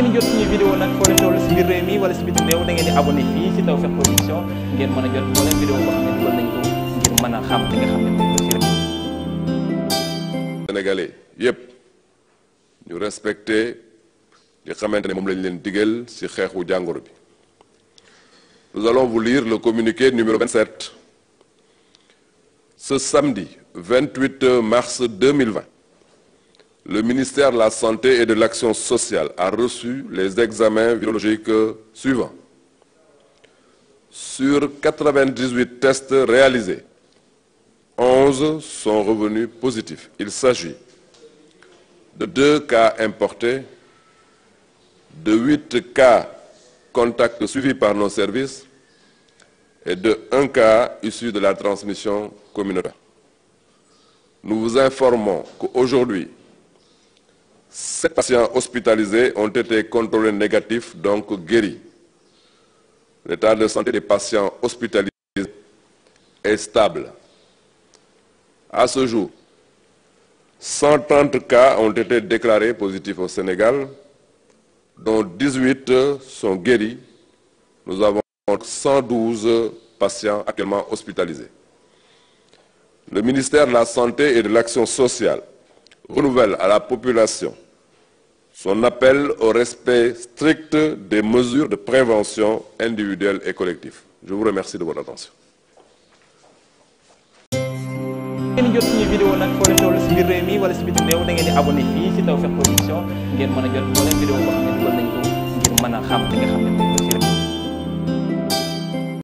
ngeen jot suñu vidéo nag foo leen toll si biir réew mi wala si biti réew da ngeen di abonné fii si Tawfekh Production ngeen mën a jot moo leen vidéo boo xam ne dugal nañ ko ngir mën a xam li nga xam ne moom sénégalais yépp ñu respecté li xamante ne moom lañ leen digal ci xeexu jàngoro bi nous allons vous lire le communiqué numéro 27 ce samedi 28 mars 2020 le ministère de la Santé et de l'Action sociale a reçu les examens virologiques suivants. Sur 98 tests réalisés, 11 sont revenus positifs. Il s'agit de 2 cas de 8 cas contacts suivis par nos services et de 1 cas issu de la transmission communautaire. Nous Sept patients hospitalisés ont été contrôlés négatifs, donc guéris. L'état de santé des patients hospitalisés est stable. À ce jour, 130 cas ont été déclarés positifs au Sénégal, dont 18 sont guéris. Nous avons 112 patients actuellement hospitalisés. Le ministère de la Santé et de l'Action sociale renouvelle à la population son appel au respect strict des mesures de prévention individuelle et collective. Je vous remercie de votre attention. ngeen jot suñu vidéo nag foo leen toll si biir réew mi wala si biti réew da ngeen di abonné fii si Tawfekh Production ngeen mën a jot moo leen vidéo boo xam ne dugal nañ ko ngir mën a xam li nga xam